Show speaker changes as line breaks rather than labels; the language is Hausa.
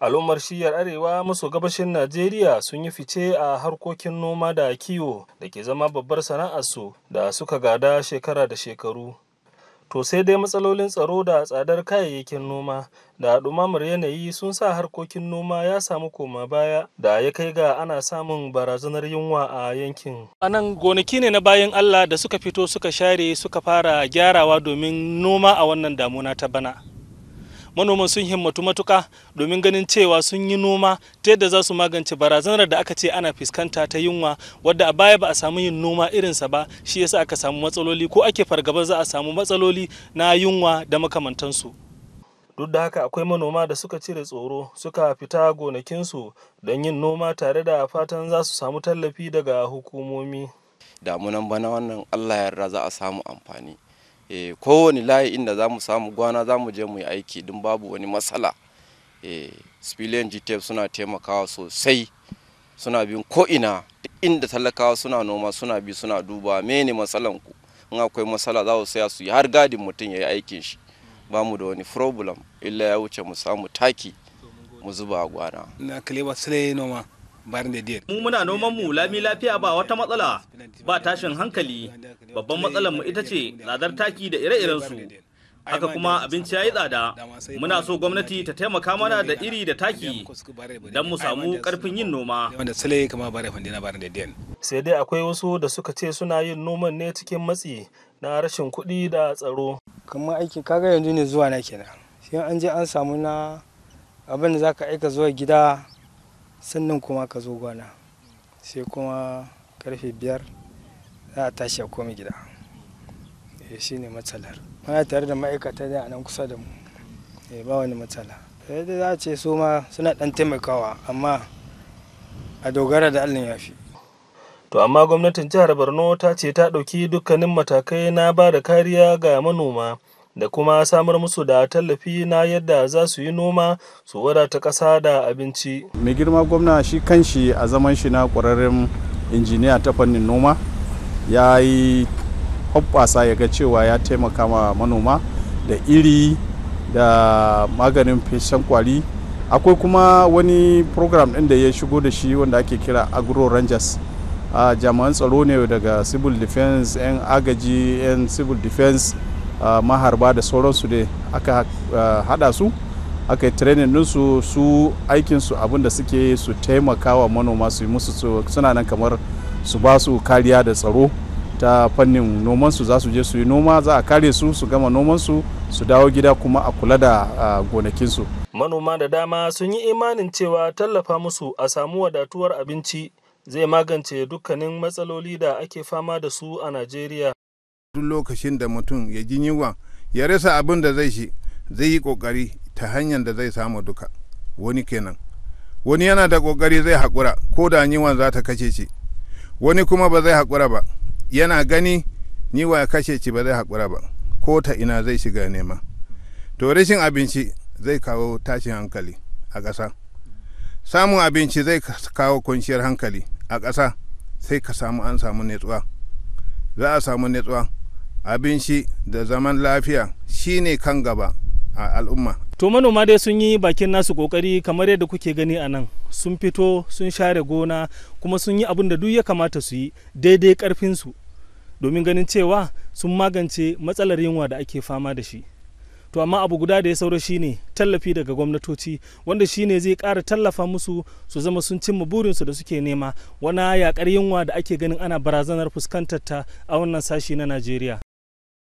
al'ummar shiyar arewa maso gabashin najeriya sun yi fice a harkokin noma da kiwo da ke zama babbar sana'arsu da suka gada shekara da shekaru To sai dai matsalolin tsaro da tsadar kayayyakin noma da ɗumamar yanayi sun sa harkokin noma ya samu koma baya da ya kai ga ana samun barazanar yunwa a yankin. A nan gonaki ne na bayan Allah da suka fito suka share suka fara gyarawa domin noma a wannan damuna ta bana. manoman sun himmatu matuka domin ganin cewa sun yi noma ta yadda za su magance barazanar da aka ce ana fuskanta ta yunwa wadda a baya ba a samu yin noma irinsa ba shi yasa aka samu matsaloli ko ake fargaba za a samu matsaloli na yunwa da makamantansu duk da haka akwai manoma da suka cire tsoro suka fita gonakinsu don yin noma tare da fatan za su samu tallafi daga hukumomi
damunan bana wannan allah yarda za a samu amfani e, kowane layi inda za mu samu gwana za mu je mu yi aiki din babu wani matsala e, civilian gtf suna taimakawa sosai suna bin ko'ina inda talakawa suna noma suna bi suna duba mene matsalan ku in akwai matsala za su saya su yi har gadin mutum ya yi aikin shi ba mu da wani problem illa ya wuce mu samu taki mu zuba gwana
mu muna noman mu lami lafiya ba wata matsala ba tashin hankali babban matsalar mu ita ce tsadar taki da ire-iren su haka kuma abinci ya yi tsada muna so gwamnati ta taimaka mana da iri da taki don mu samu karfin yin noma sai dai akwai wasu da suka ce suna yin noman ne cikin matsi na rashin kuɗi da tsaro kamar aiki kaga yanzu ne zuwa na kenan sai an je an samu na abin da zaka aika zuwa gida sannan kuma ka zo gwana sai kuma karfe biyar za a tashi a komi gida eh, shi ne matsalar muna tare da ma'aikata da nan kusa da mu eh, ba wani matsala yadda eh, za a ce su ma suna dan taimakawa amma a dogara da allah ya fi to amma gwamnatin jihar borno ta ce ta ɗauki dukkanin matakai na ba da kariya ga manoma da kuma samar musu da tallafi na yadda za su yi noma su wadata
ƙasa da abinci mai girma gwamna shi kanshi a zaman shi na ƙwararren injiniya ta fannin noma ya yi hoppasa ya ga cewa ya taimaka ma manoma da iri da maganin feshen kwari akwai kuma wani program ɗin da ya shigo da shi wanda ake kira agro rangers ah, jami'an tsaro ne daga civil defense 'yan agaji 'yan civil defense maharba da sauransu da aka hada su aka yi training ɗinsu su aikinsu abinda suke su taimaka wa manoma su yi musu suna nan kamar su ba su kariya da tsaro ta fannin nomansu za su je su yi noma za a kare su su gama nomansu su dawo gida kuma a kula da gonakinsu
manoma da dama sun yi imanin cewa tallafa musu a samu wadatuwar abinci zai magance dukkanin
matsaloli da ake fama da su a najeriya duk lokacin da mutum ya ji yunwa ya rasa abin da zai shi zai yi kokari ta hanyar da zai samu duka wani kenan wani yana da kokari zai haƙura ko da yunwa za ta kashe shi wani kuma ba zai haƙura ba yana gani yunwa ya kashe shi ba zai haƙura ba ko ta ina zai shiga nema to rashin abinci zai kawo tashin hankali a ƙasa samun abinci zai kawo kwanciyar hankali a ƙasa sai ka samu an samu netsuwa za a samu netsuwa abinci da zaman lafiya shine kan gaba a al'umma to manoma dai sun yi bakin nasu kokari
kamar yadda kuke gani a nan sun fito sun share gona kuma sun yi abin da duk ya kamata su yi daidai karfinsu domin ganin cewa sun magance matsalar yunwa da ake fama da shi to amma abu guda da ya saura ne tallafi daga gwamnatoci wanda shine zai ƙara tallafa musu su zama sun cimma burinsu da suke nema wana yaƙar yunwa da ake ganin ana barazanar fuskantar ta a wannan sashi na najeriya